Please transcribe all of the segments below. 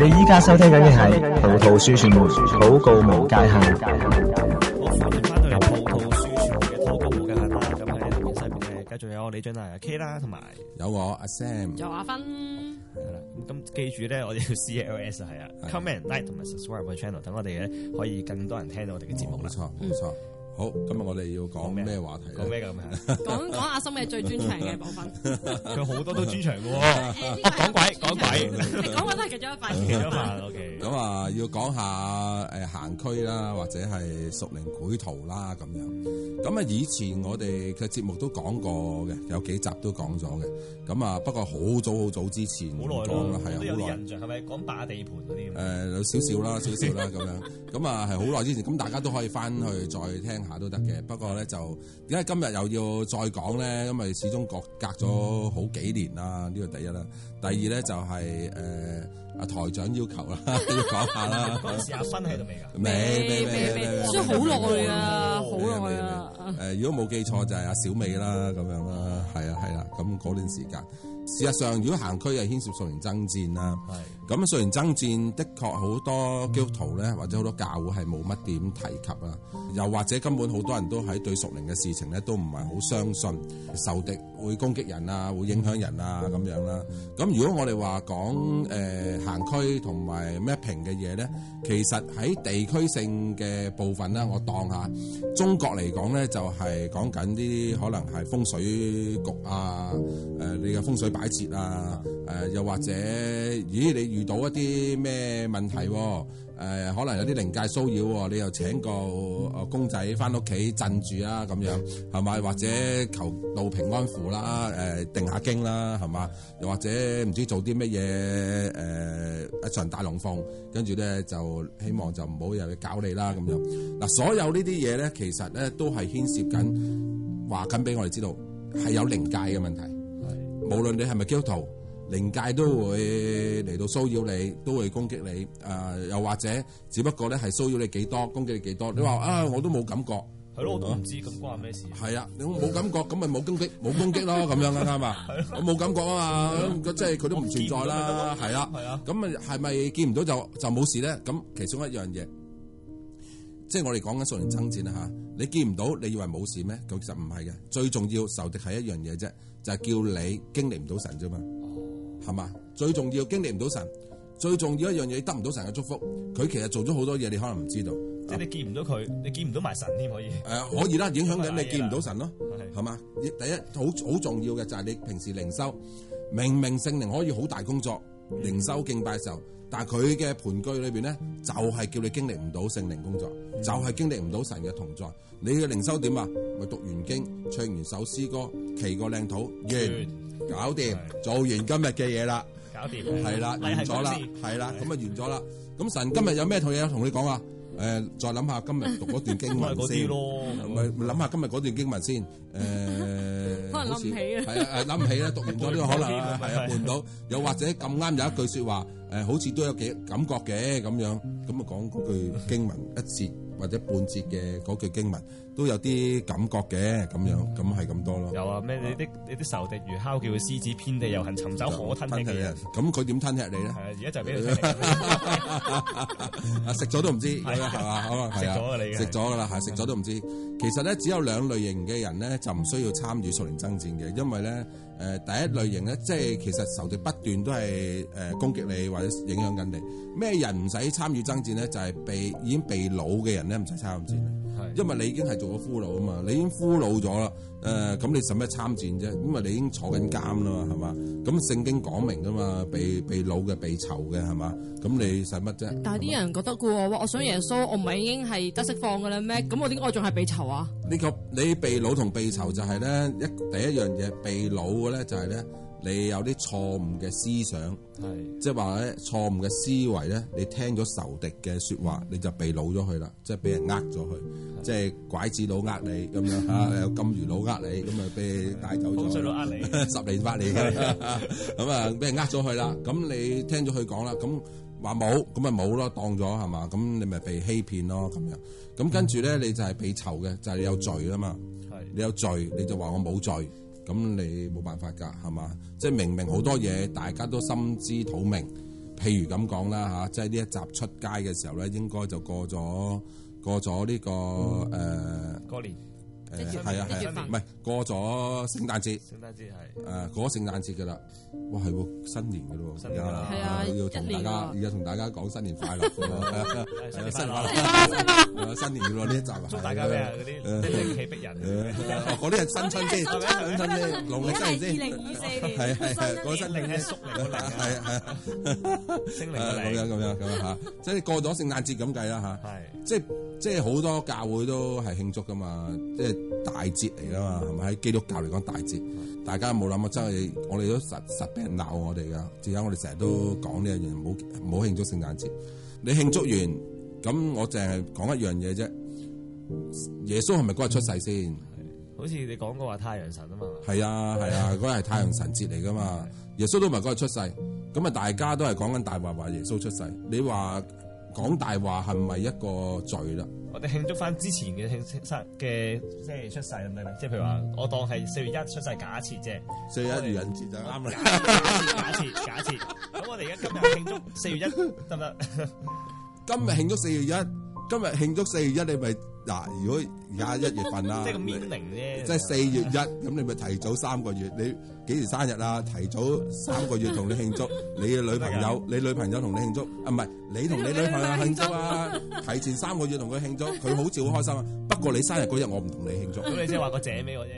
你依家收聽緊嘅係《葡萄樹傳媒》禱告無界限。我歡迎返到由《葡萄樹傳媒》嘅禱告無界限啦。咁喺南邊西邊咧，繼續有我李俊達阿 K 啦，同埋有我阿 Sam，有阿芬。係啦，咁記住咧，我哋要 C L S 啊，係啊，comment、like 同埋 subscribe 嘅 channel，等我哋咧可以更多人聽到我哋嘅節目啦。冇錯、哦，冇錯。好，今日我哋要講咩話題？講咩噶咁樣？講講 阿森嘅最專長嘅部分。佢 好多都專長嘅喎。我講 鬼，講鬼。講鬼 都係其中一塊嘢啊咁啊，要講下誒、呃、行區啦，或者係屬靈繪圖啦，咁樣。咁啊，以前我哋嘅節目都講過嘅，有幾集都講咗嘅。咁啊，不過好早好早之前講啦，係啊，好了對有印象，係咪講霸地盤嗰啲？誒，有少少啦，少少啦，咁樣。咁啊， 係好耐之前，咁大家都可以翻去再聽。下都得嘅，不過咧就點解今日又要再講咧？因為始終隔隔咗好幾年啦，呢個第一啦。第二咧就係、是、誒。呃啊台長要求啦，講下啦。試下分氣都未㗎，未未未未，即係好耐啊，好耐啊。誒，如果冇記錯就係阿小美啦，咁樣啦，係啊係啦。咁嗰段時間，事實上如果行區係牽涉屬靈爭戰啦，係咁屬靈爭戰的確好多基督徒咧，或者好多教會係冇乜點提及啊，又或者根本好多人都喺對屬靈嘅事情咧都唔係好相信受敵會攻擊人啊，會影響人啊咁樣啦。咁如果我哋話講誒。行區同埋 mapping 嘅嘢咧，其實喺地區性嘅部分咧，我當下中國嚟講咧，就係講緊啲可能係風水局啊，誒、呃、你嘅風水擺設啊，誒、呃、又或者咦你遇到一啲咩問題喎、啊？誒、呃、可能有啲靈界騷擾喎、哦，你又請個啊公仔翻屋企鎮住啊咁樣，係咪、嗯？或者求道平安符啦，誒、呃、定下經啦，係嘛？又或者唔知做啲乜嘢誒一場大龍鳳，跟住咧就希望就唔好又去搞你啦咁樣。嗱，所有呢啲嘢咧，其實咧都係牽涉緊話緊俾我哋知道係有靈界嘅問題，係、嗯、無論你係咪基督徒。靈界都會嚟到騷擾你，都會攻擊你。誒、呃，又或者只不過咧係騷擾你幾多，攻擊你幾多。你話啊，我都冇感覺，係咯、嗯，吧我都唔知咁關咩事。係啊，啊，你冇感覺咁咪冇攻擊冇 攻擊咯，咁樣啱嘛？ 啊啊、我冇感覺啊嘛，即係佢都唔存在啦。係啦，係、嗯、啊，咁咪係咪見唔到就就冇事咧？咁其中一樣嘢，即、就、係、是、我哋講緊屬靈爭戰啦、啊、你見唔到，你以為冇事咩？其實唔係嘅，最重要受敵係一樣嘢啫，就係叫你經歷唔到神啫嘛。 係嘛？最重要經歷唔到神，最重要一樣嘢得唔到神嘅祝福。佢其實做咗好多嘢，你可能唔知道。即係你見唔到佢，啊、你見唔到埋神添可以？誒、呃，可以啦，影響緊你見唔到神咯。係嘛，okay？第一，好好重要嘅就係你平時靈修，明明聖靈可以好大工作，靈、嗯、修敬拜嘅時候，但係佢嘅盤踞裏邊咧，就係、是、叫你經歷唔到聖靈工作，嗯、就係經歷唔到神嘅同在。你嘅靈修點啊？咪讀完經，唱完首詩歌，祈個靚土完。Yeah. Yeah. 搞掂，做完今日嘅嘢啦，搞掂，係啦，完咗啦，係啦，咁啊完咗啦。咁神今日有咩套嘢同你講啊？誒，再諗下今日讀嗰段經文先，咪諗下今日嗰段經文先。誒，可能諗起啦，係啊，諗唔起啦，讀完咗呢個可能啊，半到。又或者咁啱有一句說話，誒，好似都有幾感覺嘅咁樣，咁啊講句經文一節或者半節嘅嗰句經文。都有啲感覺嘅，咁樣咁係咁多咯。有啊，咩你啲你啲仇敵如吼叫嘅獅子，遍地遊行尋找可吞嘅嘢。咁佢點吞吃你咧？而家就俾你食。食咗都唔知，係嘛？食咗啊你嘅。食咗噶啦，係食咗都唔知。其實咧，只有兩類型嘅人咧，就唔需要參與屬靈爭戰嘅，因為咧，誒第一類型咧，即係其實仇敵不斷都係誒攻擊你或者影響緊你。咩人唔使參與爭戰咧？就係被已經被老嘅人咧，唔使參與爭戰，因為你已經係做咗俘虜啊嘛，你已經俘虜咗啦，誒、呃、咁你使咩參戰啫？因為你已經坐緊監啦嘛，係嘛？咁聖經講明噶嘛，被被擄嘅被囚嘅係嘛？咁你使乜啫？但係啲人覺得嘅喎，我想耶穌，我唔係已經係得釋放嘅啦咩？咁我點解我仲係被囚啊？呢個你被擄同被囚就係咧一第一樣嘢，被擄嘅咧就係、是、咧。你有啲錯誤嘅思想，的即係話咧錯誤嘅思維咧，你聽咗仇敵嘅説話，你就被擄咗佢啦，即係俾人呃咗佢，的即係拐子佬呃你咁樣嚇，有 金魚佬呃你咁啊，俾人帶走咗，佬呃 你， 十年八年嘅，咁啊俾人呃咗佢啦。咁 你聽咗佢講啦，咁話冇，咁咪冇咯，當咗係嘛？咁你咪被欺騙咯咁樣。咁跟住咧，你就係被囚嘅，就係、是、你有罪啊嘛。係，你有罪，你就話我冇罪。咁你冇辦法㗎，係嘛？即係明明好多嘢大家都心知肚明，譬如咁講啦嚇，即係呢一集出街嘅時候咧，應該就過咗過咗呢個誒。嗯呃、過年。係啊係啊，唔係過咗聖誕節，聖誕節係，誒過咗聖誕節噶啦。哇係喎，新年噶咯。係啊，要同大家而家同大家講新年快樂，新年快樂，新年要呢一集啊！祝大家咩啊？嗰啲，喜氣逼人，嗰啲係新春啫，新春啫，農曆新年先。係係，嗰新年係縮年，係啊係啊，縮年咁樣咁樣吓，即係過咗聖誕節咁計啦吓，係即係。即係好多教會都係慶祝噶嘛，即係大節嚟噶嘛，係咪喺基督教嚟講大節？大家冇諗啊，真係我哋都實實俾人鬧我哋噶，點解我哋成日都講呢樣嘢？唔好唔好慶祝聖誕節？你慶祝完，咁我淨係講一樣嘢啫。耶穌係咪嗰日出世先？係，好似你講過話太陽神啊嘛。係啊係啊，嗰日係太陽神節嚟噶嘛。耶穌都唔係嗰日出世，咁啊大家都係講緊大話話耶穌出世。你話？講大話係咪一個罪啦？我哋慶祝翻之前嘅慶生嘅，即係出世，得唔得？即係譬如話我當係四月一出世，假設啫。四月一愚人節就啱啦。假設 假設假設咁，我哋而家今日慶祝四月一得唔得？今日慶祝四月一，今日慶祝四月一，你咪嗱？如果而家一月份啦，即係個 meaning 啫。即係四月一，咁 你咪提早三個月你。幾時生日啊？提早三個月同你慶祝，你嘅女朋友，你女朋友同你慶祝，啊唔係你同你女朋友慶祝，啊、祝啊！提前三個月同佢慶祝，佢好似好開心啊。不過你生日嗰日我唔同你慶祝。咁、啊、你即係話個姐畀我啫。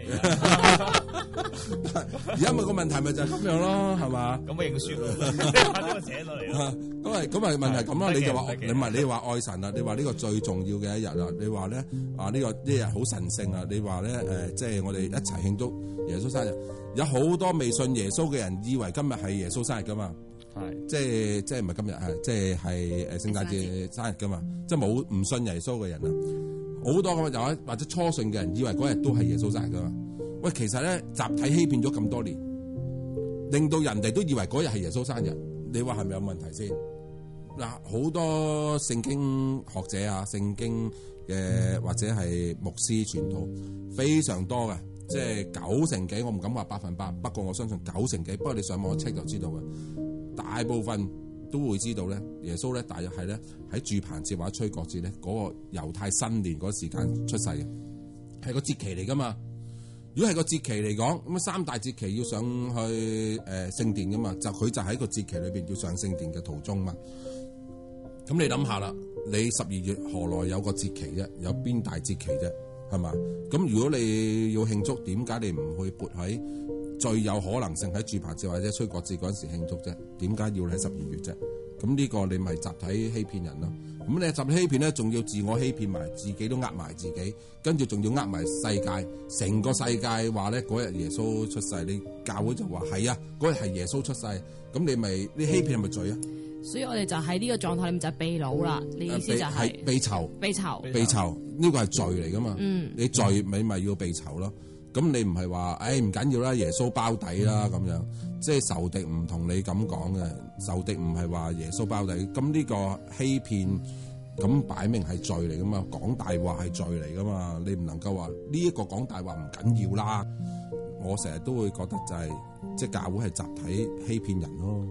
而家咪個問題咪就係咁樣咯，係嘛？咁我認輸啦！你話呢個姐女嚟啊？咁咪咁咪問題咁啦、啊？你就話你係你話愛神啊？你話呢個最重要嘅一日啊？你話咧啊呢個一日好神聖啊？你話咧誒，即係我哋一齊慶祝耶穌生日，有好。多未信耶穌嘅人以為今日係耶穌生日噶嘛？係的即係即係唔係今日係即係係聖誕節生日噶嘛？嗯、即係冇唔信耶穌嘅人啊，好多咁又或者初信嘅人以為嗰日都係耶穌生日噶嘛？喂，其實咧集體欺騙咗咁多年，令到人哋都以為嗰日係耶穌生日，你話係咪有問題先？嗱，好多聖經學者啊，聖經嘅或者係牧師傳統，非常多嘅。即係九成幾，我唔敢話百分百，不過我相信九成幾。不過你上網 check 就知道嘅，大部分都會知道咧。耶穌咧，大約係咧喺住棚節或者吹角節咧嗰個猶太新年嗰時間出世嘅，係個節期嚟㗎嘛？如果係個節期嚟講，咁啊三大節期要上去誒聖殿㗎嘛？就佢就喺個節期裏邊要上聖殿嘅途中嘛。咁你諗下啦，你十二月何來有個節期啫？有邊大節期啫？係嘛？咁如果你要慶祝，點解你唔去撥喺最有可能性喺住棚節或者吹角節嗰陣時慶祝啫？點解要喺十二月啫？咁呢個你咪集體欺騙人咯。咁你集體欺騙咧，仲要自我欺騙埋自，自己都呃埋自己，跟住仲要呃埋世界，成個世界話咧嗰日耶穌出世，你教會就話係啊，嗰日係耶穌出世，咁你咪你欺騙係咪罪啊？所以我哋就喺呢個狀態裏面就係被擄啦，你意思就係被囚、被囚、被囚，呢個係罪嚟噶嘛？嗯，你罪你咪要被囚咯。咁你唔、哎、係話，誒唔緊要啦，耶穌包底啦咁樣。即、就、係、是、仇敵唔同你咁講嘅，仇敵唔係話耶穌包底。咁呢個欺騙，咁擺明係罪嚟噶嘛？講大話係罪嚟噶嘛？你唔能夠話呢一個講大話唔緊要啦。我成日都會覺得就係、是，即、就、係、是、教會係集體欺騙人咯。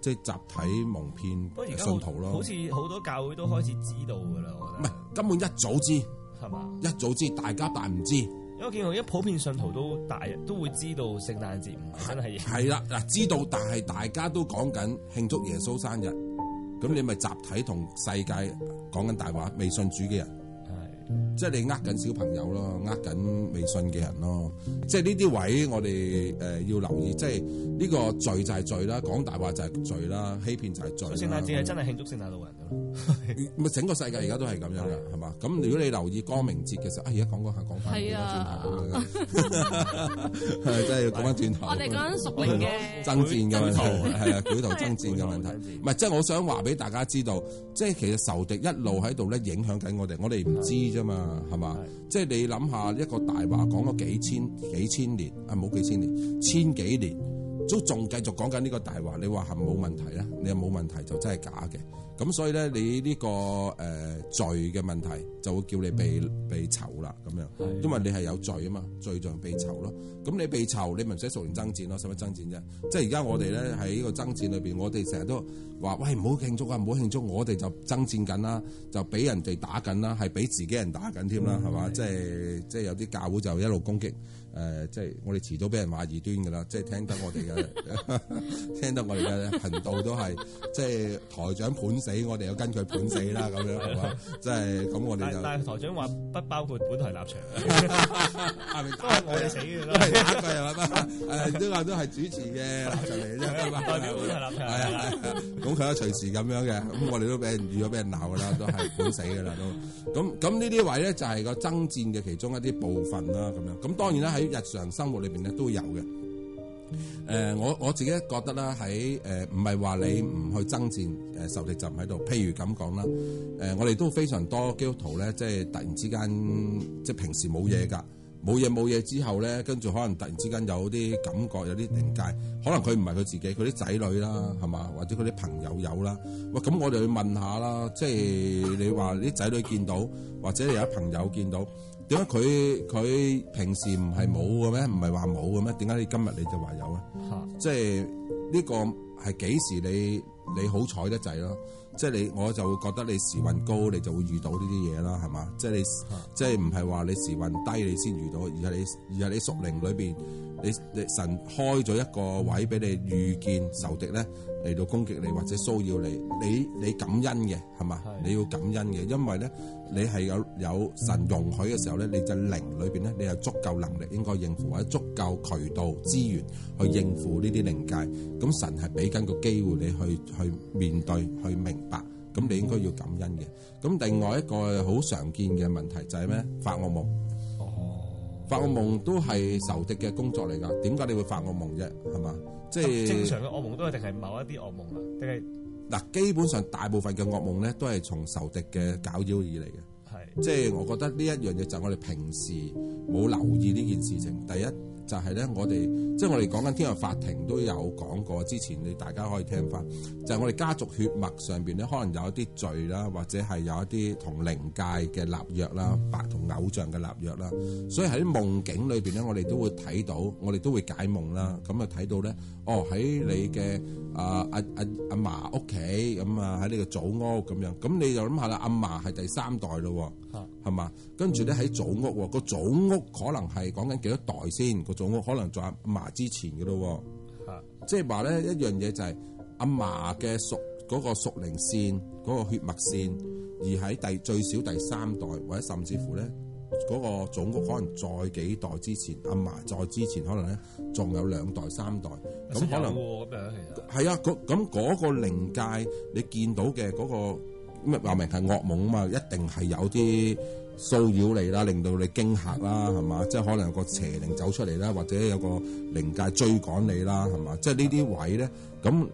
即係集體蒙騙信徒咯，好似好多教會都開始知道㗎啦，不我覺得。唔係，根本一早知係嘛？吧一早知，大家大唔知。因為我見我而家普遍信徒都大都會知道聖誕節唔係。係啦，嗱，知道但係大家都講緊慶祝耶穌生日，咁你咪集體同世界講緊大話，未信主嘅人。係。即係你呃緊小朋友咯，呃緊微信嘅人咯，即係呢啲位我哋誒要留意，即係呢個罪就係罪啦，講大話就係罪啦，欺騙就係罪啦。聖誕節係真係慶祝聖誕老人嘅咯，整個世界而家都係咁樣嘅，係嘛？咁如果你留意光明節嘅時候，而家講講下講翻，係啊，係真係講翻轉頭。我哋講屬靈嘅爭戰嘅問題，係啊，舉頭爭戰嘅問題，唔係即係我想話俾大家知道，即係其實仇敵一路喺度咧影響緊我哋，我哋唔知啫嘛。係嘛、exactly?？即係你諗下，一個大話講咗幾千幾千年，啊冇幾千年，千幾年，都仲繼續講緊呢個大話，你話係冇問題咧？你又冇問題就真係假嘅。咁所以咧，你呢、呢個誒、呃、罪嘅問題就會叫你被、嗯、被囚啦，咁樣，因為你係有罪啊嘛，罪就係被囚咯。咁你被囚，你咪使熟練爭戰咯，使乜爭戰啫？即係而家我哋咧喺呢個爭戰裏邊，我哋成日都話：喂，唔好慶祝啊，唔好慶祝！我哋就爭戰緊啦，就俾人哋打緊啦，係俾自己人打緊添啦，係嘛、嗯？即係即係有啲教會就一路攻擊誒，即、呃、係、就是、我哋遲早俾人話異端噶啦，即、就、係、是、聽得我哋嘅， 聽得我哋嘅頻道都係。即係台長判死，我哋又跟佢判死啦，咁、 嗯就是、樣係嘛？即係咁，我哋就但係台長話不包括本台立場，係咪都係我哋死嘅咯？係啊、欸，佢又乜？誒、欸，都話都係主持嘅立場嚟嘅啫嘛，代表本台立場係咁佢可以隨時咁樣嘅，咁我哋都俾人預咗俾人鬧噶啦，都係判死噶啦，都咁咁呢啲位咧就係個爭戰嘅其中一啲部分啦，咁樣咁當然啦，喺日常生活裏邊咧都有嘅。是誒、呃，我我自己覺得啦，喺誒唔係話你唔去爭戰，誒、呃、受敵就唔喺度。譬如咁講啦，誒、呃、我哋都非常多基督徒咧，即係突然之間，即係平時冇嘢噶，冇嘢冇嘢之後咧，跟住可能突然之間有啲感覺，有啲靈界，可能佢唔係佢自己，佢啲仔女啦，係嘛，或者佢啲朋友有啦。喂、呃，咁我哋去問下啦，即係你話啲仔女見到，或者有一朋友見到。點解佢佢平時唔係冇嘅咩？唔係話冇嘅咩？點解你今日你就話有咧 這個？即係呢個係幾時你你好彩得滯咯？即係你，我就會覺得你時運高，你就會遇到呢啲嘢啦，係嘛？即係你 即係唔係話你時運低你先遇到，而係你而係你屬靈裏邊，你你神開咗一個位俾你遇見仇敵咧嚟到攻擊你或者騷擾你，你你感恩嘅，係嘛？你要感恩嘅，因為咧。你係有有神容許嘅時候咧，你就靈裏邊咧，你有足夠能力應該應付，或者足夠渠道資源去應付呢啲靈界。咁、嗯、神係俾緊個機會你去去面對去明白，咁你應該要感恩嘅。咁、嗯、另外一個好常見嘅問題就係咩？發惡夢。哦，發惡夢都係仇敵嘅工作嚟㗎。點解你會發惡夢啫？係嘛？即係正常嘅惡夢都係定係某一啲惡夢啊？定係？嗱，基本上大部分嘅噩夢咧，都係從仇敵嘅攪擾而嚟嘅。係，即係我覺得呢一樣嘢就我哋平時冇留意呢件事情。第一就係咧，我哋即係我哋講緊《天獄法庭》都有講過，之前你大家可以聽翻，就係我哋家族血脈上邊咧，可能有一啲罪啦，或者係有一啲同靈界嘅立約啦，白同偶像嘅立約啦。所以喺夢境裏邊咧，我哋都會睇到，我哋都會解夢啦。咁啊睇到咧。哦，喺你嘅啊阿阿阿嫲屋企咁啊，喺、啊啊啊、你個祖屋咁樣，咁、啊、你就諗下啦。阿嫲係第三代咯，係嘛的？跟住咧喺祖屋個祖屋可能係講緊幾多代先個祖屋，可能仲阿、啊、嫲之前噶咯，的即係話咧一樣嘢就係阿嫲嘅屬嗰、那個屬靈線嗰、那個血脈線，而喺第最少第三代或者甚至乎咧。嗰個祖屋可能再幾代之前，啊唔係再之前，可能咧仲有兩代三代，咁可能咁樣，係啊，係啊，嗰咁嗰個靈界你、那個，你見到嘅嗰個咩話明係噩夢啊嘛，一定係有啲騷擾你啦，令到你驚嚇啦，係嘛，即係可能有個邪靈走出嚟啦，或者有個靈界追趕你啦，係嘛，即係呢啲位咧，咁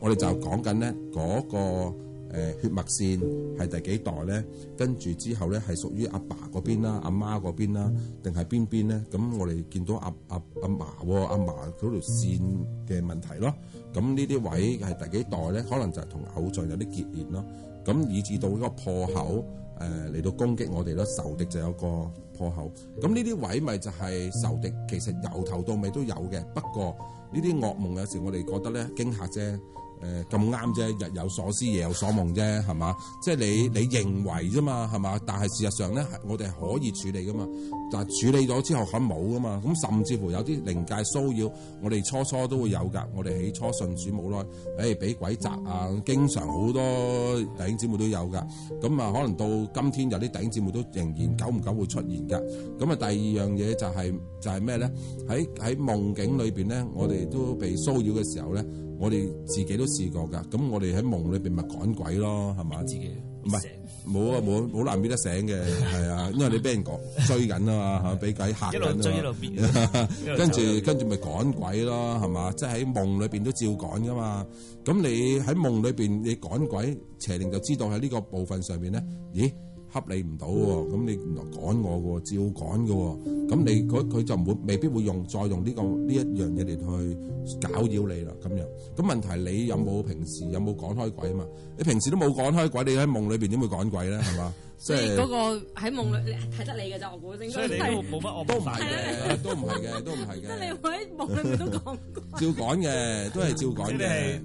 我哋就講緊咧嗰個。誒，血脈線係第幾代咧？跟住之後咧，係屬於爸爸媽媽邊邊阿爸嗰邊啦、阿媽嗰邊啦，定係邊邊咧？咁我哋見到阿阿阿嫲阿嫲嗰條線嘅問題咯。咁呢啲位係第幾代咧？可能就係同偶像有啲結連咯。咁以至到呢個破口，誒、呃、嚟到攻擊我哋咯，仇敵就有個破口。咁呢啲位咪就係仇敵，其實由頭到尾都有嘅。不過呢啲噩夢有時我哋覺得咧驚嚇啫。誒咁啱啫，日有所思夜有所夢啫，係嘛？即係你你認為啫嘛，係嘛？但係事實上咧，我哋可以處理噶嘛。但係處理咗之後，肯冇噶嘛。咁甚至乎有啲靈界騷擾，我哋初初都會有㗎。我哋起初信主冇耐，誒、哎、俾鬼襲啊！經常好多弟兄姊妹都有㗎。咁啊，可能到今天有啲弟兄姊妹都仍然久唔久會出現㗎。咁啊，第二樣嘢就係、是、就係咩咧？喺喺夢境裏邊咧，我哋都被騷擾嘅時候咧。我哋自己都試過噶，咁我哋喺夢裏邊咪趕鬼咯，係嘛？自己唔係冇啊，冇好難變得醒嘅，係啊， 因為你俾人趕追緊啊嘛，俾鬼 嚇緊啊嘛，一路追一路 跟住著跟住咪趕鬼咯，係嘛？即係喺夢裏邊都照趕噶嘛。咁你喺夢裏邊你趕鬼，邪靈就知道喺呢個部分上面咧，咦？給你唔到喎，咁你趕我嘅喎，照趕嘅喎，咁你佢佢就唔會未必會用再用呢個呢一樣嘢嚟去搞擾你啦，咁樣。咁問題係你有冇平時有冇趕開鬼啊嘛？你平時都冇趕開鬼，你喺夢裏邊點會趕鬼咧？係嘛？即係嗰個喺夢裏睇得你嘅啫，我估應該。所以你 都冇乜， 我都唔係嘅，都唔係嘅。都即係你喺夢裏面都講照趕嘅，都係照趕嘅。咁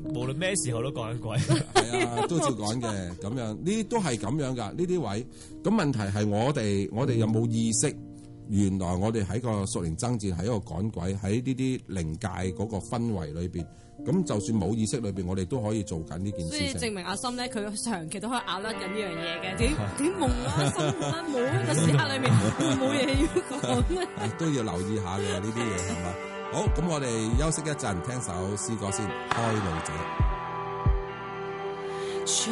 你無論咩時候都趕鬼，係 啊，都照趕嘅咁樣呢啲都係咁樣㗎。呢啲位咁問題係我哋，我哋有冇意識、嗯、原來我哋喺個屬靈爭戰喺個趕鬼喺呢啲靈界嗰個氛圍裏邊。咁就算冇意識裏邊，我哋都可以做緊呢件事。即係證明阿心咧，佢長期都可以壓甩緊呢樣嘢嘅。點點懵啊！ 心啊，冇喺個時刻裏面冇嘢要講咩？ 都要留意下嘅呢啲嘢係嘛？ 好，咁我哋休息一陣，聽首詩歌先。開路者。全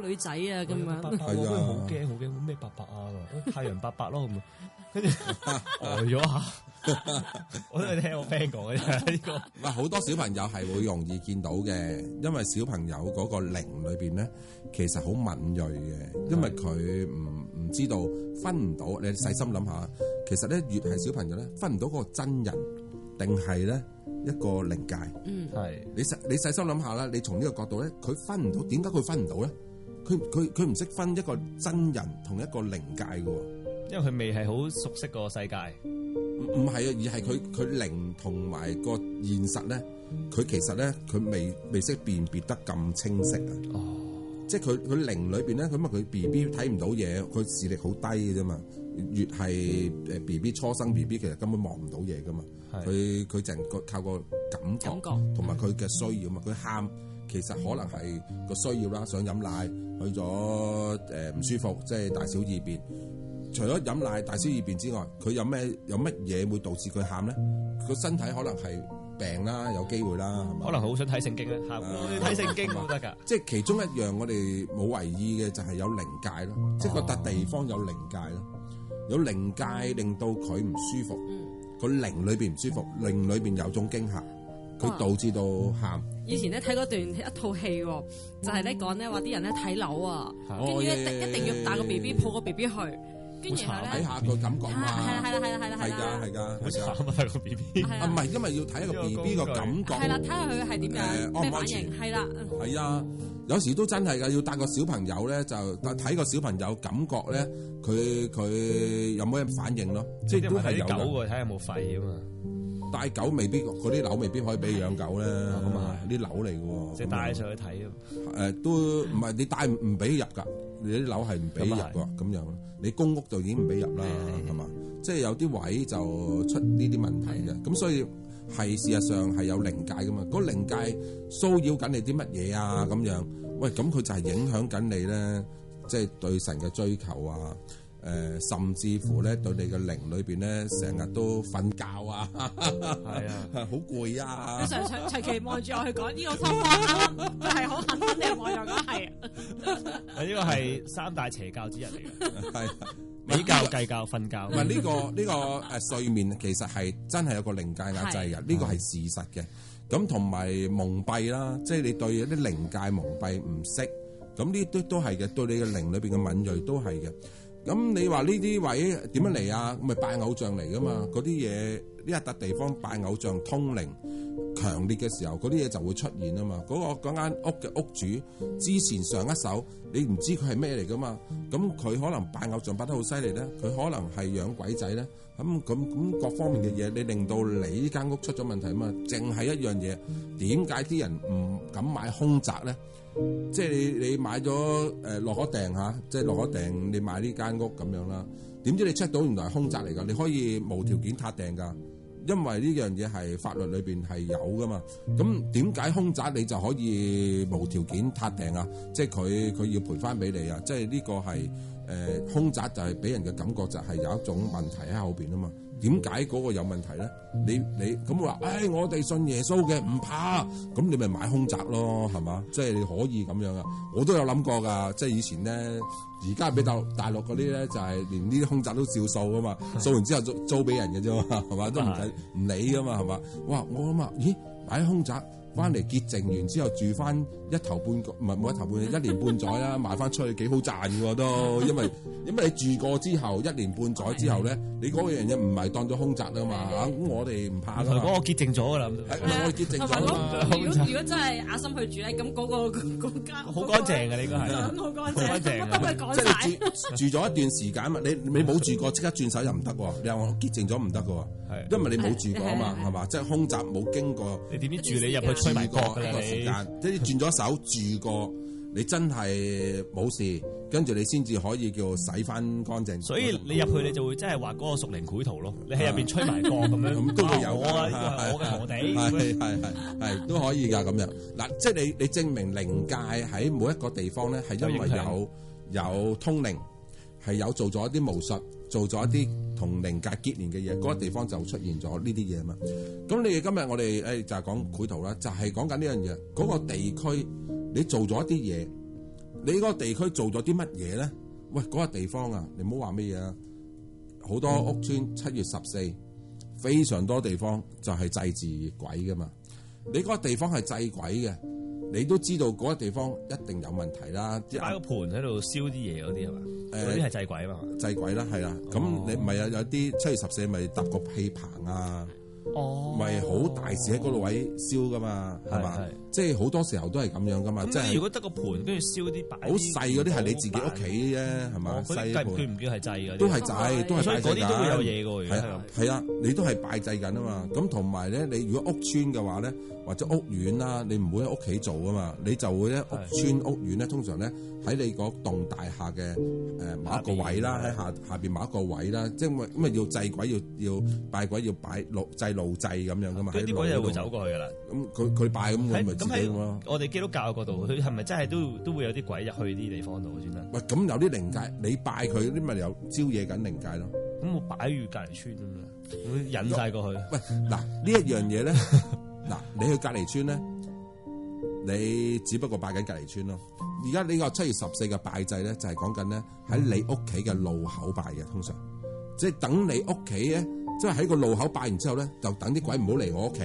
個女仔啊，咁樣，我都會好驚，好驚咩？伯伯啊，太陽伯伯咯，咁啊，跟住呆咗下。我都係聽我 friend 講嘅呢個。唔係好多小朋友係會容易見到嘅，因為小朋友嗰個靈裏邊咧，其實好敏銳嘅，因為佢唔唔知道分唔到。你細心諗下，其實咧越係小朋友咧，分唔到嗰個真人，定係咧一個靈界。嗯，係。你細你細心諗下啦，你從呢個角度咧，佢分唔到，點解佢分唔到咧？佢佢佢唔識分一個真人同一個靈界嘅。哦，因為佢未係好熟悉個世界，唔唔係啊，而係佢佢靈同埋個現實咧，佢、嗯、其實咧佢未未識辨別得咁清晰啊，哦，即係佢佢靈裏邊咧，咁啊佢 B B 睇唔到嘢，佢視力好低嘅啫嘛，越係誒 B B 初生 B B 其實根本望唔到嘢㗎嘛，佢佢淨係靠個感覺，同埋佢嘅需要嘛，佢喊。其實可能係個需要啦，想飲奶去，去咗誒唔舒服，即係大小二便。除咗飲奶、大小二便之外，佢有咩有乜嘢會導致佢喊咧？個身體可能係病啦，有機會啦。係嘛。可能好想睇聖經咧，喊，睇聖、啊、經都得㗎。即係其中一樣，我哋冇為意嘅就係有靈界咯，即係個地方有靈界咯，有靈界令到佢唔舒服，個靈裏邊唔舒服，靈裏邊有種驚嚇，佢導致到喊。以前咧睇嗰段一套戲喎，就係咧講咧話啲人咧睇樓啊，跟住一定一定要帶個 B B 抱個 B B 去，跟住睇下個感覺嘛，係啦係啦係啦係啦，係㗎係㗎，係咁係個 B B，唔係因為要睇個 B B 個感覺，係啦睇下佢係點樣咩反應，係啦，係啊，有時都真係噶，要帶個小朋友咧就睇個小朋友感覺咧，佢佢有冇咩反應咯，即係都係狗喎，睇下有冇吠啊嘛。帶狗未必嗰啲樓未必可以俾養狗咧，咁啊，啲樓嚟嘅，即係帶上去睇啊。誒、呃，都唔係你帶唔俾入㗎，你啲樓係唔俾入嘅，咁樣。你公屋就已經唔俾入啦，係嘛、啊啊？即係有啲位就出呢啲問題嘅，咁、啊、所以係事實上係有靈界嘅嘛。個靈界騷擾緊你啲乜嘢啊？咁樣，喂，咁佢就係影響緊你咧，即係對神嘅追求啊。誒，甚至乎咧，對你嘅靈裏邊咧，成日都瞓覺啊，係啊，好攰啊，你常常常常望住我去講呢個方法，就係好幸運嘅。我又講係，啊，呢個係三大邪教之一嚟嘅，係，比較計較瞓覺，唔係呢個呢個誒睡眠，其實係真係有個靈界壓制人，呢個係事實嘅。咁同埋蒙蔽啦，即係你對一啲靈界蒙蔽唔識，咁呢啲都係嘅，對你嘅靈裏邊嘅敏鋭都係嘅。咁你話呢啲位點樣嚟啊？咁咪拜偶像嚟噶嘛？嗰啲嘢呢，一笪地方拜偶像、通靈強烈嘅時候，嗰啲嘢就會出現啊嘛！嗰、嗰個間屋嘅屋主之前上一手，你唔知佢係咩嚟噶嘛？咁佢可能拜偶像拜得好犀利咧，佢可能係養鬼仔咧。咁咁咁各方面嘅嘢，你令到你呢間屋出咗問題啊嘛？淨係一樣嘢，點解啲人唔敢買空宅咧？即係你你買咗誒落咗訂吓，即係落咗訂，你買呢間、呃、屋咁樣啦。點知你 check 到原來係空宅嚟噶，你可以無條件撻訂噶，因為呢樣嘢係法律裏邊係有噶嘛。咁點解空宅你就可以無條件撻訂啊？即係佢佢要賠翻俾你啊？即係呢個係誒、呃、空宅就係俾人嘅感覺就係有一種問題喺後邊啊嘛。點解嗰個有問題咧？你你咁話，誒、哎，我哋信耶穌嘅唔怕，咁你咪買凶宅咯，係嘛？即、就、係、是、你可以咁樣啊！我都有諗過噶，即係以前咧，而家俾大陸大陸嗰啲咧，就係連呢啲空宅都照掃噶嘛，掃完之後租租俾人嘅啫嘛，係嘛？都唔使唔理噶嘛，係嘛？哇！我諗啊，咦，買空宅翻嚟潔淨完之後住翻。一頭半個，唔係冇一頭半，一年半載啦，賣翻出去幾好賺喎都，因為因為你住過之後一年半載之後咧，你嗰樣嘢唔係當咗空宅啊嘛？咁我哋唔怕啦。嗰個潔淨咗噶啦，我潔淨咗如果真係阿心去住咧，咁嗰個嗰間好乾淨嘅你個係。好乾淨，唔得咪講曬。即住咗一段時間，你你冇住過，即刻轉手又唔得喎。你話我潔淨咗唔得嘅喎，因為你冇住過啊嘛，係嘛？即係空宅冇經過。你點點，住你入去住過嘅時間，即係轉咗有住過，你真係冇事，跟住你先至可以叫洗翻乾淨。所以你入去你就會真係畫嗰個屬靈繪圖咯。啊、你喺入邊吹埋風咁樣，咁、嗯嗯、都會有、啊、我嘅徒哋係係係係都可以噶咁樣。嗱，即係你你證明靈界喺每一個地方咧，係因為有有通靈。係有做咗一啲巫術，做咗一啲同靈界結連嘅嘢，嗰個地方就出現咗呢啲嘢嘛。咁你哋今日我哋誒，就係講繪圖啦，就係講緊呢樣嘢。嗰個地區你做咗一啲嘢，你嗰個地區做咗啲乜嘢咧？喂，嗰個地方啊，你唔好話乜嘢啊。好多屋村七月十四，非常多地方就係祭祀鬼噶嘛。你嗰個地方係祭鬼嘅。你都知道嗰個地方一定有問題啦！即擺個盤喺度燒啲嘢嗰啲係嘛？嗰啲係祭鬼啊嘛？祭鬼啦，係啦。咁、哦、你唔係有有啲七月十四咪搭個戲棚啊？哦，咪好大事喺嗰度位燒噶嘛，係嘛？即係好多時候都係咁樣噶嘛。即你如果得個盤，都要燒啲擺好細嗰啲係你自己屋企啫，係嘛？細盤佢唔叫係祭嘅，都係祭，都係擺祭。所以嗰啲都會有嘢嘅喎。係啊，你都係拜祭緊啊嘛。咁同埋咧，你如果屋村嘅話咧，或者屋苑啦，你唔會喺屋企做啊嘛。你就會咧屋村屋苑咧，通常咧喺你嗰棟大廈嘅誒某一個位啦，喺下下邊某一個位啦，即係咁啊，要祭鬼要要拜鬼要擺落祭。路祭咁樣噶嘛？啲、啊、鬼就會走過去噶啦。咁佢佢拜咁，佢咪是自己咯？我哋基督教嘅度，佢係咪真係都都會有啲鬼入去啲地方度先得？喂，咁有啲靈界，你拜佢，啲咪有招惹緊靈界咯？咁我擺喺隔籬村咁樣，會引晒過去。呃、喂，嗱呢一樣嘢咧，嗱 你去隔籬村咧，你只不過拜緊隔籬村咯。而家呢個七月十四嘅拜祭咧，就係講緊咧喺你屋企嘅路口拜嘅，通常即係等你屋企咧。 即係喺個路口拜完之後咧，就等啲鬼唔好嚟我屋企。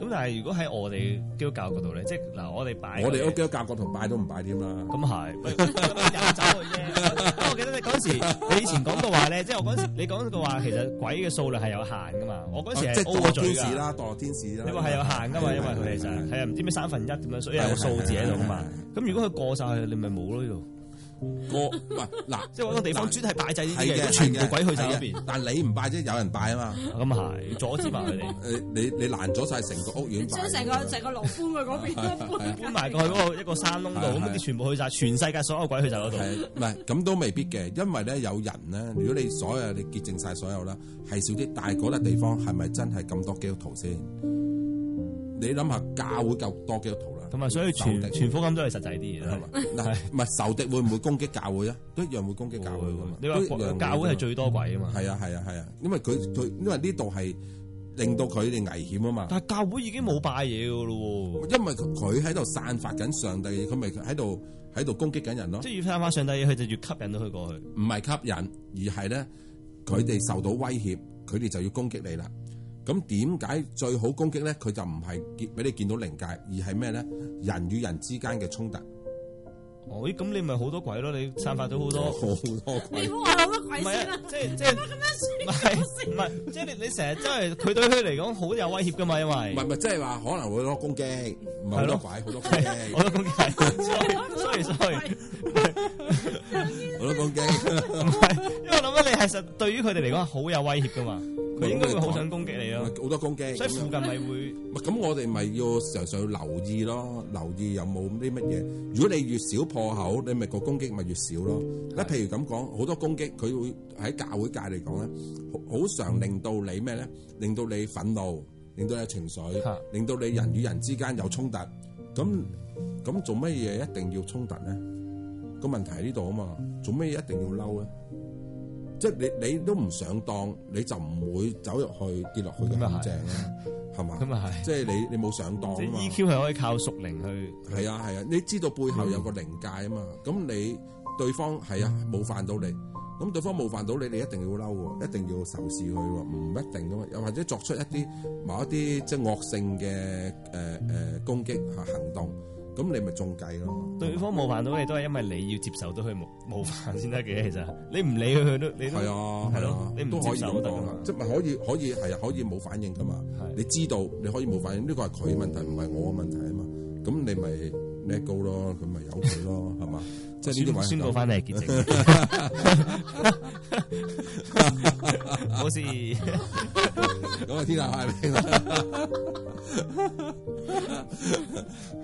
咁但係如果喺我哋基督教嗰度咧，即係嗱，我哋拜我哋喺基督教教堂拜都唔拜添啦。咁係，咁又走去啫。我記得你嗰陣時，你以前講過話咧，即係我嗰陣時你講過話，其實鬼嘅數量係有限噶嘛。我嗰時係 O 嘴噶。墮天使啦，墮天使啦。因為係有限噶嘛。因為佢哋就係唔知咩三分一咁樣，所以有個數字喺度噶嘛。咁如果佢過曬去，你咪冇咯又。我喂，嗱，即係嗰個地方專係拜祭啲嘅，全部鬼去晒嗰邊。但係你唔拜啫，有人拜啊嘛。咁啊係，阻止埋佢哋。你你你攔咗晒成個屋苑，將成個成個六村嘅嗰邊搬搬埋過去嗰個一個山窿度，咁你全部去晒，全世界所有鬼去晒嗰度。唔係咁都未必嘅，因為咧有人咧，如果你所有你潔淨晒所有啦，係少啲。但係嗰笪地方係咪真係咁多基督徒先？你諗下教會夠多基督徒啦。同埋，所以全全福音都係實際啲啦。嗱，唔係仇敵會唔會攻擊教會啊？都一樣會攻擊教會噶嘛。 你話說教會係最多鬼啊嘛。係、嗯、啊，係啊，係啊，啊，因為佢佢，因為呢度係令到佢哋危險啊嘛。但係教會已經冇拜嘢噶咯喎。因為佢喺度散發緊上帝嘅嘢，佢咪喺度喺度攻擊緊人咯、啊。即係越散發上帝嘢，佢就越吸引到佢過去。唔係吸引，而係咧，佢哋、嗯、受到威脅，佢哋就要攻擊你啦。咁點解最好攻擊咧？佢就唔係見俾你見到靈界，而係咩咧？人與人之間嘅衝突。哦、喔，咦、欸？咁你咪好多鬼咯？ 你散發咗好多好多鬼。你唔好話鬼即係即係咁樣唔係？即係你你成日真係佢對佢嚟講好有威脅噶嘛？因為唔係唔係，即係話可能會攞攻擊，唔係多鬼，好多攻擊，好多攻擊，衰好多攻擊，唔係，因為我諗你係實對於佢哋嚟講好有威脅噶嘛？應該會好想攻擊你啊，好多攻擊，所以附近咪會。咁，我哋咪要常常去留意咯，留意有冇啲乜嘢。如果你越少破口，你咪個攻擊咪越少咯。嗱譬如咁講，好多攻擊，佢會喺教會界嚟講咧，好常令到你咩咧？令到你憤怒，令到你情緒，令到你人與人之間有衝突。咁咁做乜嘢一定要衝突咧？個問題喺呢度啊嘛，做乜嘢一定要嬲咧？即係你你都唔上當，你就唔會走入去跌落去嘅陷阱啦，吧嘛？咁啊係，即係你你冇上當 EQ 係可以靠屬靈去係啊係啊，你知道背後有個靈界啊嘛，咁的你對方係啊冒犯到你，咁對方冒犯到你，你一定要嬲喎，一定要仇視佢喎，唔一定噶嘛，又或者作出一啲某一啲即係惡性嘅誒誒攻擊嚇行動。咁你咪中計咯！對方冒犯到你，都係因為你要接受到佢冒冒犯先得嘅。其實你唔理佢，佢都你都係啊，係咯，啊、你唔接受得啊，即係咪可以可以係、就是、啊？可以冇反應噶嘛？係的，你知道你可以冇反應，呢、呢個係佢問題，唔係我問題啊嘛。咁你咪。咩高咯，咁咪有佢咯，係嘛？即係呢啲位宣告翻嚟係結成，好似咁啊！天下啊！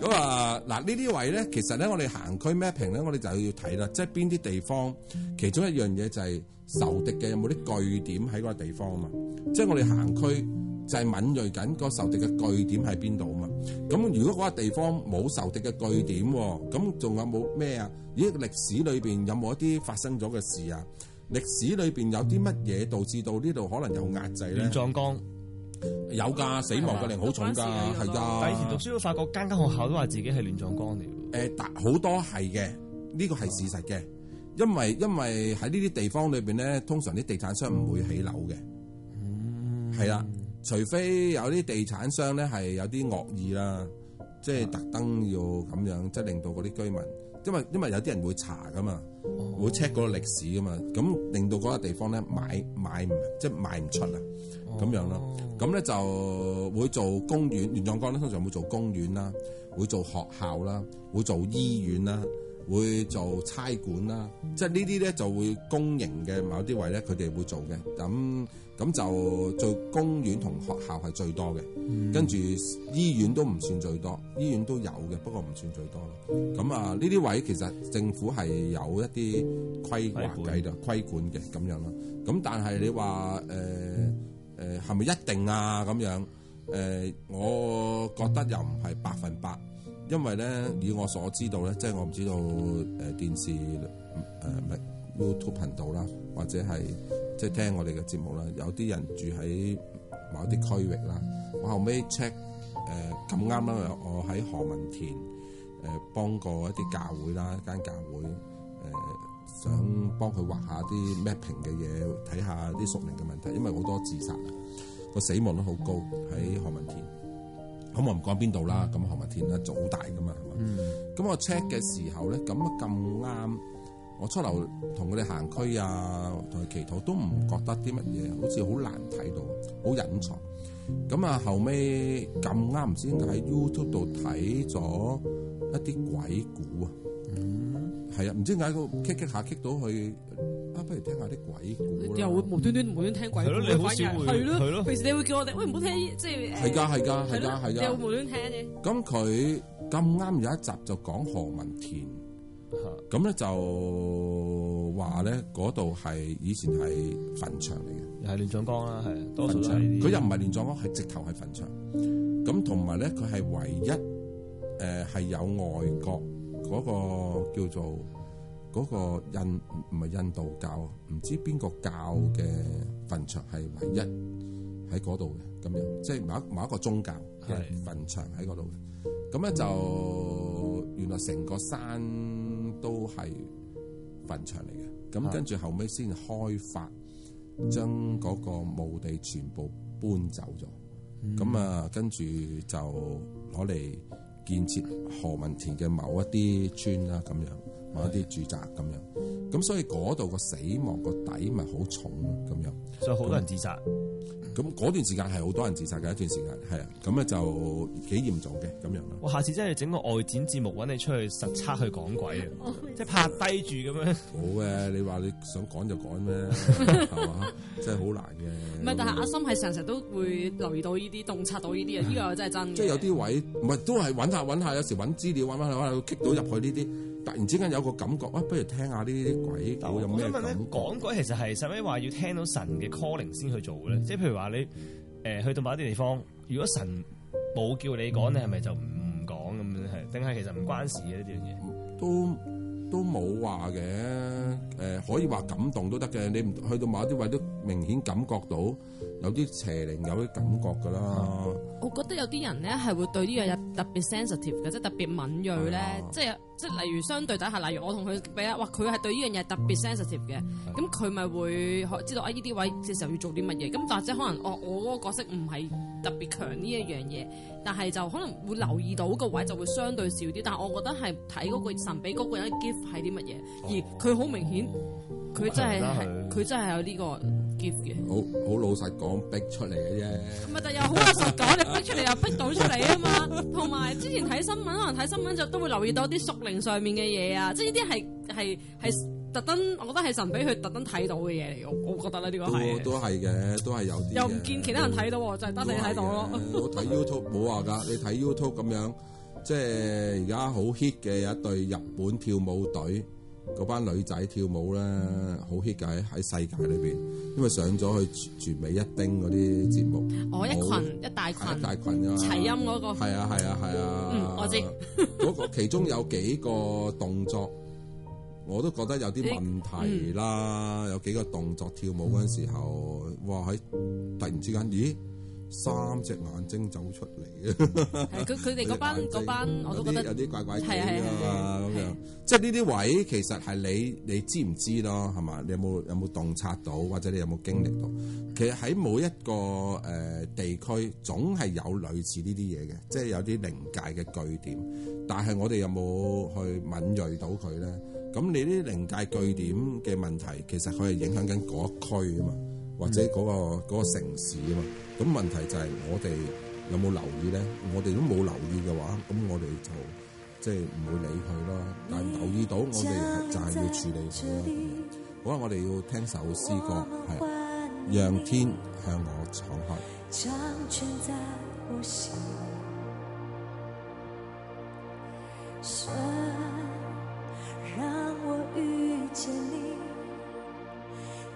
咁啊，嗱呢啲位咧，其實咧，我哋行區 mapping 咧，我哋就要睇啦，即係邊啲地方，其中一樣嘢就係仇敵嘅有冇啲據點喺嗰個地方啊嘛，即係我哋行區。就係敏銳緊個仇敵嘅據點喺邊度啊？嘛咁，如果嗰個地方冇仇敵嘅據點，咁仲、嗯、有冇咩啊？咦，歷史裏邊有冇一啲發生咗嘅事啊，歷史裏邊有啲乜嘢導致到呢度可能有壓制咧？亂葬崗？有㗎的，啊、死亡率好重㗎，係㗎、啊。但係以前讀書都發覺，間間學校都話自己係亂葬崗嚟。誒、呃，好多係嘅，呢個係事實嘅，因為因為喺呢啲地方裏邊咧，通常啲地產商唔會起樓嘅，係啦、嗯。除非有啲地產商咧係有啲惡意啦，即係特登要咁樣，即係令到嗰啲居民，因為因為有啲人會查噶嘛，會 check 嗰個歷史噶嘛，咁令到嗰個地方咧買買唔即係賣唔出啊，咁樣咯，咁咧就會做公園，原朗江咧通常會做公園啦，會做學校啦，會做醫院啦，會做差館啦，即係呢啲咧就會公營嘅某啲位咧，佢哋會做嘅咁。咁就做公園同學校係最多嘅，跟住、嗯、醫院都唔算最多，醫院都有嘅，不過唔算最多咯。咁啊，呢啲位其實政府係有一啲規，規劃計量規管嘅咁樣咯。咁但係你話誒誒係咪一定啊咁樣？誒、呃，我覺得又唔係百分百，因為咧，以我所知道咧，即、就、係、是、我唔知道誒、呃、電視誒咪、呃、YouTube 頻道啦，或者係。即係聽我哋嘅節目啦，有啲人住喺某啲區域啦。我後尾 check 誒咁啱啦，呃、我喺何文田誒、呃、幫過一啲教會啦，一間教會誒、呃、想幫佢畫一下啲 mapping 嘅嘢，睇下啲宿命嘅問題，因為好多自殺啊，個死亡率好高喺何文田。咁我唔講邊度啦，咁何文田咧好大噶嘛，咁、嗯、我 check 嘅時候咧咁啊咁啱。我出嚟同佢哋行區啊，同佢祈禱都唔覺得啲乜嘢，好似好難睇到，好隱藏。咁啊後尾咁啱唔知點解喺 YouTube 度睇咗一啲鬼故、嗯、故 啊，係啊，唔知點解個 click click 下 click 到去，啊不如聽下啲鬼故啦。又會無端端無端聽鬼故了鬼你好少會，係咯，平時你會叫我哋喂，唔好聽，即係誒。係㗎，係㗎，係㗎，係㗎。又會無端聽嘅。咁佢咁啱有一集就講何文田。 嚇，咁咧、嗯、就話咧，嗰度係以前係墳場嚟嘅，係亂葬崗啦，係場多數都係啲。佢又唔係亂葬崗，係直頭係墳場。咁同埋咧，佢係唯一誒係、呃、有外國嗰個叫做嗰、嗰個印唔唔係印度教，唔知邊個教嘅墳場係唯一喺嗰度嘅。咁樣即係某某一個宗教係是墳場喺嗰度。咁咧就原來成個山，都係墳場嚟嘅，咁跟住後尾先開發，將嗰個墓地全部搬走咗，咁啊、嗯、跟住就攞嚟建設何文田嘅某一啲村啦，咁樣某一啲住宅咁樣，咁所以嗰度個死亡個底咪好重咯，咁樣，所以好多人自殺。咁嗰段時間係好多人自殺嘅一段時間，係啊，咁咧就幾嚴重嘅咁樣咯。我下次真係整個外展節目揾你出去實測去講鬼啊，即係拍低住咁樣。好嘅，你話你想講就講咩？係嘛， 真係好難嘅。唔係，但係阿森係成日都會留意到呢啲，洞察到呢啲啊，呢個、嗯、真係真即係有啲位唔係都係揾下揾下，有時揾資料揾揾揾揾到棘到入去呢啲。突然之間有個感覺啊，不如聽下呢啲鬼叫有咩感覺咧？講鬼其實係使咩話要聽到神嘅 calling 先去做嘅咧？即係譬如話你誒去到某啲地方，如果神冇叫你講，你係咪就唔講咁樣係？定係其實唔關事嘅呢樣嘢都都冇話嘅誒，可以話感動都得嘅。你唔去到某啲位都明顯感覺到有啲邪靈，有啲感覺㗎啦。我覺得有啲人咧係會對呢樣嘢特別 sensitive 嘅，即係特別敏鋭咧，即係。即係例如相對底下，例如我同佢比啊，哇！佢係對呢樣嘢特別 sensitive 嘅、嗯，咁佢咪會知道啊？呢啲位嘅時候要做啲乜嘢？咁或者可能我我嗰個角色唔係特別強呢一樣嘢，嗯、但係就可能會留意到個位就會相對少啲。但係我覺得係睇嗰個神俾嗰個人嘅 gift 係啲乜嘢，哦、而佢好明顯，佢、哦、真係係佢真係有呢、呢個。好好老實講，逼出嚟嘅啫，咪 又好老實講，你逼出嚟又逼到出嚟啊嘛。同埋之前睇新聞，可能睇新聞就都會留意到啲屬靈上面嘅嘢啊，即係呢啲係係係特登，我覺得係神俾佢特登睇到嘅嘢嚟，我我覺得咧呢個係，都係嘅，都係有啲，又唔見其他人睇到，就係得你睇到咯。 我睇 YouTube 冇話㗎，你睇 YouTube 咁樣，即係而家好 hit 嘅一隊日本跳舞隊。嗰班女仔跳舞咧好 hit 嘅喺世界裏邊，因為上咗去全，全美一叮嗰啲節目。我一群，好一大群，一大群啊，齊音嗰、那個。係啊係啊係啊，啊、嗯，我知。嗰 個其中有幾個動作我都覺得有啲問題啦，嗯、有幾個動作跳舞嗰陣時候，嗯、哇喺突然之間，咦？三隻眼睛走出嚟嘅，佢哋嗰班班，我都覺得些有啲怪怪哋嘅啦。咁樣，即係呢啲位其實係你你知唔知咯？係嘛？你有冇有冇洞察到，或者你有冇經歷到？其實喺每一個誒、呃、地區，總係有類似呢啲嘢嘅，即係有啲靈界嘅據點。但係我哋有冇去敏鋭到佢咧？咁你啲靈界據點嘅問題，其實佢係影響緊嗰一區啊嘛。或者嗰、那個嗯、個城市啊嘛，咁問題就係我哋有冇留意咧？我哋都冇留意嘅話，咁我哋就即係唔會理佢咯。但留意到我，我哋就係、是、要處理佢咯。好啊，我哋要聽首詩歌，係啊，讓天向我敞開。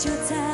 就在。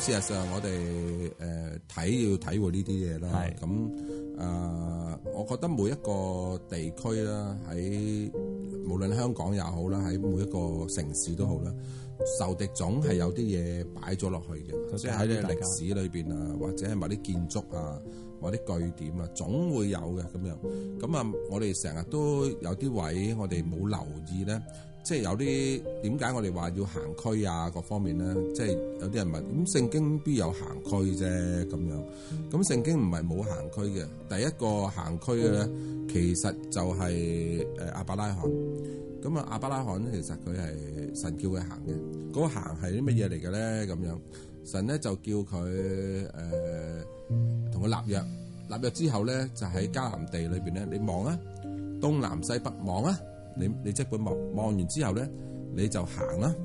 事實上，我哋誒睇要體會呢啲嘢啦。咁誒，我覺得每一個地區啦，喺無論香港也好啦，喺每一個城市都好啦，受敵總係有啲嘢擺咗落去嘅，嗯、即係喺啲歷史裏邊啊，或者係某啲建築啊、某啲據點啊，總會有嘅咁樣。咁啊，我哋成日都有啲位，我哋冇留意咧。即係有啲點解我哋話要行區啊？各方面咧，即係有啲人問：咁聖經邊有行區啫？咁樣咁聖經唔係冇行區嘅。第一個行區嘅咧，其實就係誒亞伯拉罕。咁啊，亞伯拉罕咧，其實佢係神叫佢行嘅。嗰個行係啲乜嘢嚟嘅咧？咁樣神咧就叫佢誒同佢立約，立約之後咧就喺迦南地裏邊咧，你望啊，東南西北望啊。你你即本望望完之後咧，你就行啦、啊。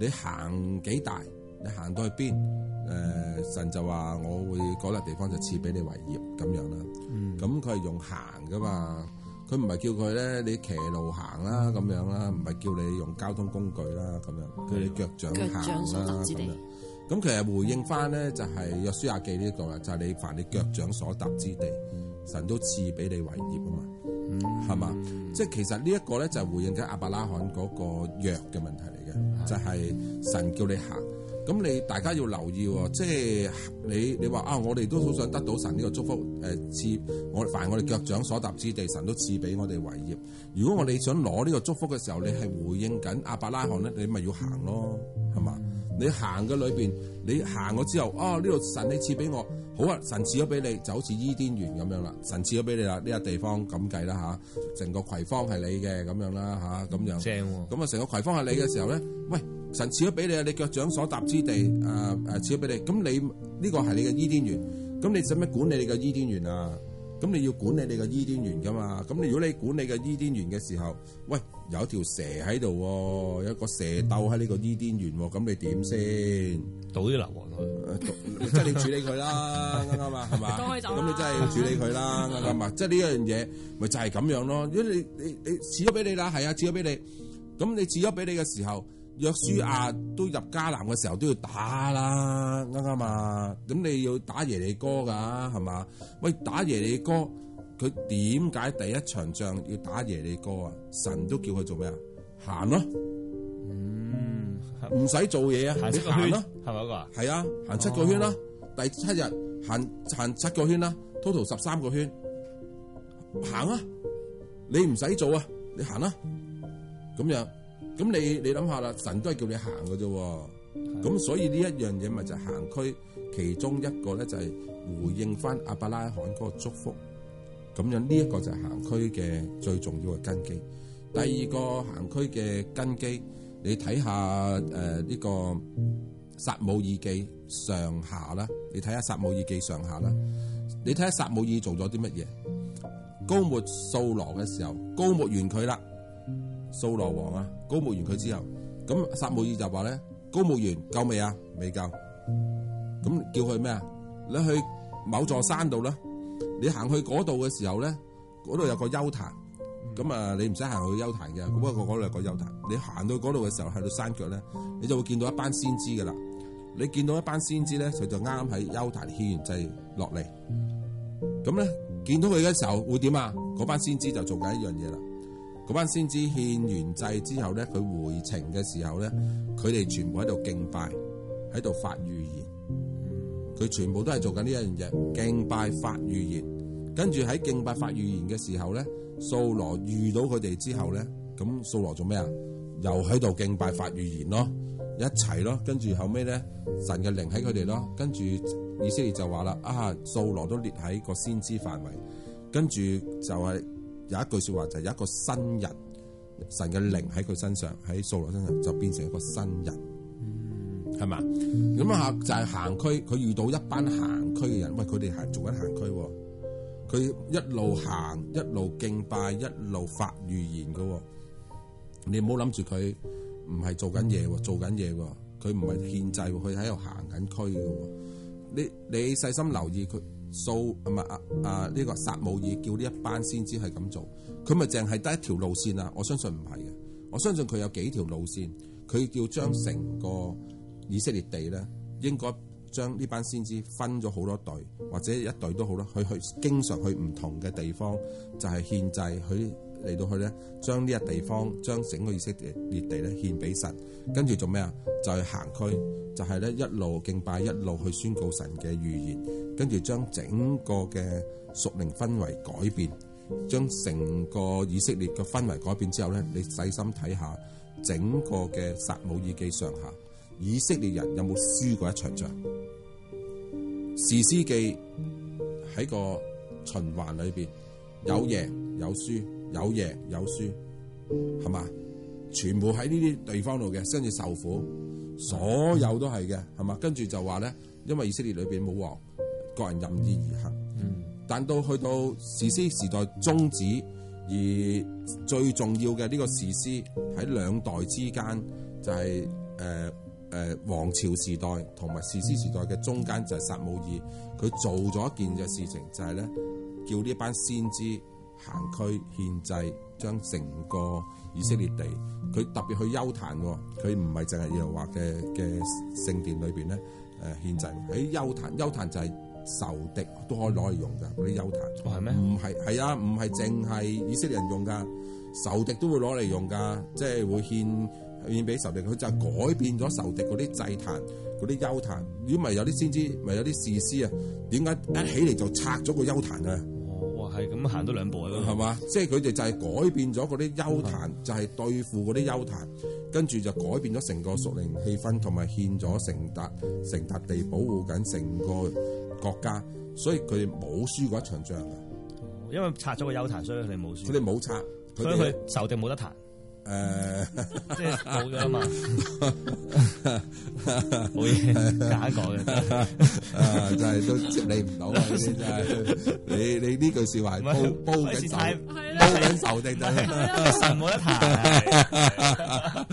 你行幾大，你行到去邊，誒、呃，神就話我會嗰笪、那個、地方就賜俾你為業咁樣啦。咁佢係用行噶嘛，佢唔係叫佢咧你騎路行啦咁樣啦，唔係叫你用交通工具啦咁樣，叫你腳掌行啦、啊。咁、嗯、其實回應翻咧就係、是、約書亞記呢、這個啦，就係、是、你凡你腳掌所踏之地，嗯、神都賜俾你為業啊嘛。係嘛、嗯？即係其實呢一個咧就是、回應緊亞伯拉罕嗰個約嘅問題嚟嘅，就係、是、神叫你行，咁你大家要留意喎、哦，即係你你話啊、哦，我哋都好想得到神呢個祝福，誒、呃、賜我凡我哋腳掌所踏之地，神都賜俾我哋為業。如果我哋想攞呢個祝福嘅時候，你係回應緊亞伯拉罕咧，你咪要行咯，係嘛？你行嘅裏邊，你行咗之後，啊，呢度神你賜俾我。好啊，神賜咗俾你就好似伊甸園咁樣啦，神賜咗俾你啦，呢、這個地方咁計啦吓，成個葵芳係你嘅咁樣啦吓，咁樣，正喎。咁啊，成個葵芳係你嘅時候咧，喂，神賜咗俾你啊，你腳掌所踏之地，誒、呃、誒，賜咗俾你，咁你呢、這個係你嘅伊甸園，咁你使乜管理你嘅伊甸園啊？咁你要管理你個伊甸園噶嘛？咁如果你管理個伊甸園嘅時候，喂，有條蛇喺度，有一個蛇竇喺呢個伊甸園，咁你點先？倒啲硫磺佢， 即係要處理佢啦，啱唔啱啊？係嘛？ 倒佢走。咁你真係要處理佢啦，啱啱啊？即係呢樣嘢，咪就係咁樣咯。如果你你你賜咗俾你啦，係啊，賜咗俾你，咁你賜咗俾你嘅時候。約書亞都入迦南嘅時候都要打啦，啱唔啱啊？咁你要打耶利哥噶，係嘛？喂，打耶利哥，佢點解第一場仗要打耶利哥啊？神都叫佢做咩啊？行咯，嗯，唔使做嘢啊，行七個圈咯，你行咯、啊，係咪一個啊？係啊，行七個圈啦、啊，哦、第七日行行七個圈啦、啊，total 十三個圈，行啊，你唔使做啊，你行啦、啊，咁樣。咁你你諗下啦，神都係叫你行嘅啫，咁的所以呢一樣嘢咪就係行區，其中一個咧就係回應翻亞伯拉罕嗰個祝福，咁樣呢一，這個就係行區嘅最重要嘅根基。第二個行區嘅根基，你睇下誒呢個撒母耳記上下啦，你睇下撒母耳記上下啦，你睇下你看看撒母耳做咗啲乜嘢？膏抹掃羅嘅時候，膏抹完佢啦。掃羅王啊，高牧完佢之後，咁撒母耳就話咧：高牧完夠未啊？未夠，咁叫佢咩啊？你去某座山度啦，你行去嗰度嘅時候咧，嗰度有個丘壇，咁啊你唔使行去丘壇嘅，咁啊嗰嗰度有個丘壇，你行到嗰度嘅時候，喺到山腳咧，你就會見到一班先知噶啦。你見到一班先知咧，佢就啱啱喺丘壇獻完祭落嚟，咁咧見到佢嘅時候會點啊？嗰班先知就做緊一樣嘢啦。嗰班先知獻完祭之後咧，佢回程嘅時候咧，佢哋全部喺度敬拜，喺度發預言。佢全部都係做緊呢一樣嘢，敬拜、發預言。跟住喺敬拜、發預言嘅時候咧，掃羅遇到佢哋之後咧，咁掃羅做咩啊？又喺度敬拜、發預言咯，一齊咯。跟住後尾咧，神嘅靈喺佢哋咯。跟住以色列就話啦：啊，掃羅都列喺個先知範圍。跟住就係。有一句說話就係、有一個新人，神嘅靈喺佢身上，喺掃羅身上就變成一個新人，係嘛？咁啊，就係、是、行區，佢遇到一班行區嘅人，喂，佢哋係做緊行區，佢一路行一路敬拜，一路發預言嘅，你唔好諗住佢唔係做緊嘢，做緊嘢，佢唔係獻祭，佢喺度行緊區嘅，你你細心留意佢。掃唔、so，啊啊呢、啊這個撒母耳叫呢一班先知係咁做，佢咪淨係得一條路線啊？我相信唔係嘅，我相信佢有幾條路線。佢叫將成個以色列地咧，應該將呢班先知分咗好多隊，或者一隊都好啦，佢去，去經常去唔同嘅地方，就係獻祭。去。嚟到去咧，將呢個地方，將整個以色列地咧獻俾神，跟住做咩啊？就去行區，就係咧一路敬拜，一路去宣告神嘅預言，跟住將整個嘅屬靈氛圍改變，將成個以色列嘅氛圍改變之後咧，你細心睇下整個嘅撒母耳記上下，以色列人有冇輸過一場仗？士師記喺個循環裏邊有贏有輸。有輸有贏有輸，係嘛？全部喺呢啲地方度嘅，甚至受苦，所有都係嘅，係嘛？跟住就話咧，因為以色列裏邊冇王，各人任意而行。嗯，但到去到士師時代終止，而最重要嘅呢個士師喺兩代之間，就是，就係誒誒王朝時代同埋士師時代嘅中間就係撒母耳，佢做咗一件嘅事情，就係，是、咧叫呢班先知。壇區獻祭，將成個以色列地，佢特別去幽壇㗎，佢唔係淨係耶和華嘅嘅聖殿裏邊咧誒獻祭，喺、呃、幽壇幽壇就係仇敵都可以攞嚟用噶，嗰啲幽壇，唔係咩？唔係，係啊，唔係淨係以色列人用噶，仇敵都會攞嚟用噶，即係會獻獻俾仇敵，佢就改變咗仇敵嗰啲祭壇嗰啲幽壇，如果唔係有啲先知咪有啲士師啊，點解一起嚟就拆咗個幽壇啊？係咁行多兩步咯，係嘛？即係佢哋就係改變咗嗰啲邱壇，就係、是、對付嗰啲邱壇，跟住就改變咗成個屬靈氣氛，同埋獻咗成笪成笪地保護緊成個國家，所以佢哋冇輸過一場仗。因為拆咗個邱壇，所以佢哋冇輸。佢哋冇拆，所以佢仇敵冇得彈。誒，呃、即係冇咗啊嘛，冇嘢，假講嘅，誒，就係、是、都接唔到啊！真係、 就是，你你呢句說話係煲是煲緊在酒。 啦 牛神冇得彈，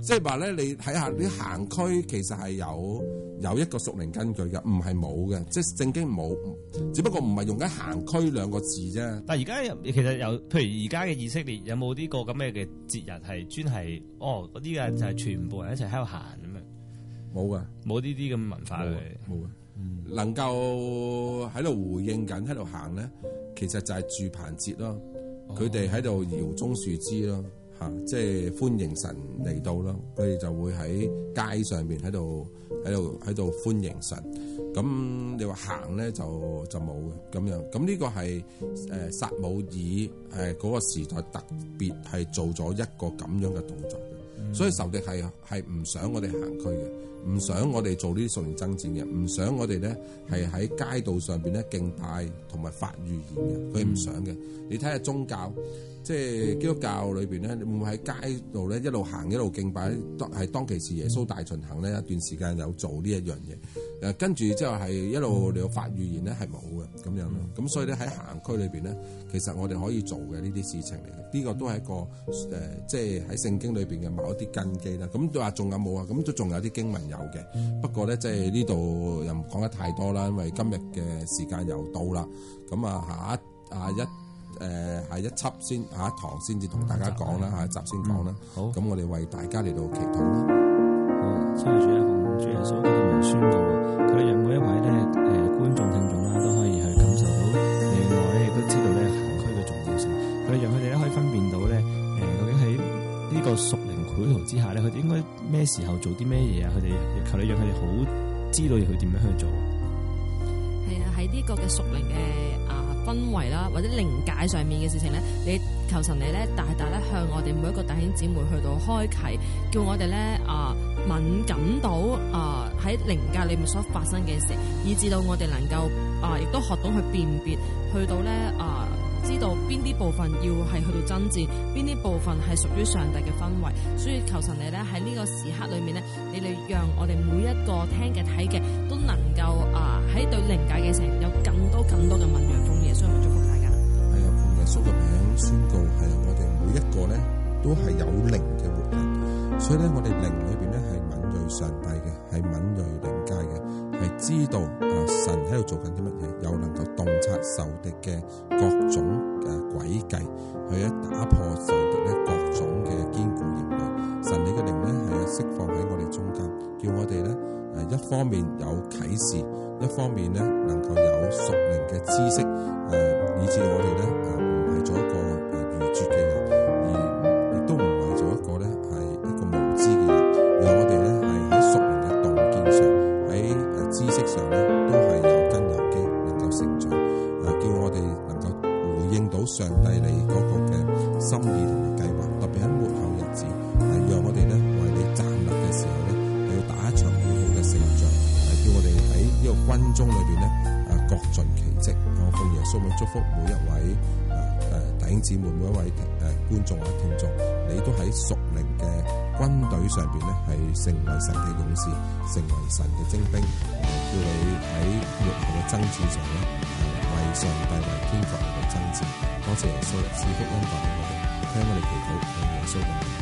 即係話咧，你睇下啲行區其實係有有一個屬靈根據嘅，唔係冇嘅，即係正經冇，只不過唔係用緊行區兩個字啫。但係而家其實有，譬如而家嘅以色列有冇呢、這個咁嘅嘅節日係專係哦嗰啲嘅就係全部人一齊喺度行咁樣，冇噶，冇呢啲咁嘅文化嘅，冇。能夠喺度回應緊，喺度行咧，其實就係住棚節咯。佢哋喺度搖棕樹枝咯，嚇，oh. 即係歡迎神嚟到咯。佢哋就會喺街上面喺度，喺度，喺度歡迎神。咁你話行咧就就冇嘅咁樣。咁呢個係誒撒母耳誒嗰個時代特別係做咗一個咁樣嘅動作。所以仇敵係係唔想我哋行區嘅，唔想我哋做呢啲屬靈爭戰嘅，唔想我哋咧係喺街道上邊咧敬拜同埋發預言嘅，佢唔想嘅。你睇下宗教。即係基督教裏邊咧，你會唔會喺街度咧一路行一路敬拜？當係當其時耶穌大巡行咧一段時間有做呢一樣嘢，誒跟住之後係一路你嚟發預言咧係冇嘅咁樣咯。咁、嗯、所以咧喺行區裏邊咧，其實我哋可以做嘅呢啲事情嚟嘅。呢、這個都係一個誒，即係喺聖經裏邊嘅某一啲根基啦。咁話仲有冇啊？咁都仲有啲經文有嘅。嗯、不過咧，即係呢度又唔講得太多啦，因為今日嘅時間又到啦。咁啊，下下一。誒，下一輯先，下一堂先至同大家講啦，下一集先講啦。好，咁我哋為大家嚟到祈禱。嗯，雖然住喺紅專嘅所謂嘅文宣嘅話，佢讓每一位咧誒、呃、觀眾聽眾啦，都可以去感受到，另外亦都知道咧行區嘅重要性。佢讓佢哋咧可以分辨到咧，誒、呃、究竟喺呢個屬靈繪圖之下咧，佢哋應該咩時候做啲咩嘢啊，佢哋求你讓佢哋好知道要佢點樣去做。係啊，喺呢個嘅屬靈嘅氛圍啦，或者靈界上面嘅事情咧，你求神你咧大大咧向我哋每一個弟兄姊妹去到開啟，叫我哋咧啊敏感到啊喺靈界裏面所發生嘅事，以至到我哋能夠啊、呃、亦都學懂去辨別，去到咧啊、呃、知道邊啲部分要係去到爭戰，邊啲部分係屬於上帝嘅氛圍，所以求神你咧喺呢個時刻裏面咧，你哋讓我哋每一個聽嘅睇嘅都能夠啊喺、呃、對靈界嘅事有更多更多嘅敏銳祝福大家。係啊，用耶穌嘅名宣告，係啊，我哋每一個咧都係有靈嘅活人，所以咧我哋靈裏邊咧係敏鋭上帝嘅，係敏鋭靈界嘅，係知道啊神喺度做緊啲乜嘢，又能夠洞察仇敵嘅各種嘅詭計，去一打破仇敵咧各種嘅堅固營壘。神你嘅靈咧係啊釋放。方面有啟示，一方面咧能夠有熟練嘅知識誒、呃，以致我哋咧唔係做一個。祝我祝福每一位誒弟兄姊妹，每一位誒、呃、觀眾啊聽眾，你都喺屬靈嘅軍隊上邊咧，係成為神嘅勇士，成為神嘅精兵。誒、呃、叫你喺活活嘅爭戰上啦，誒為上帝為天嚟到爭戰。多謝耶穌賜福音帶嚟我哋，聽我哋祈禱，阿耶穌嘅。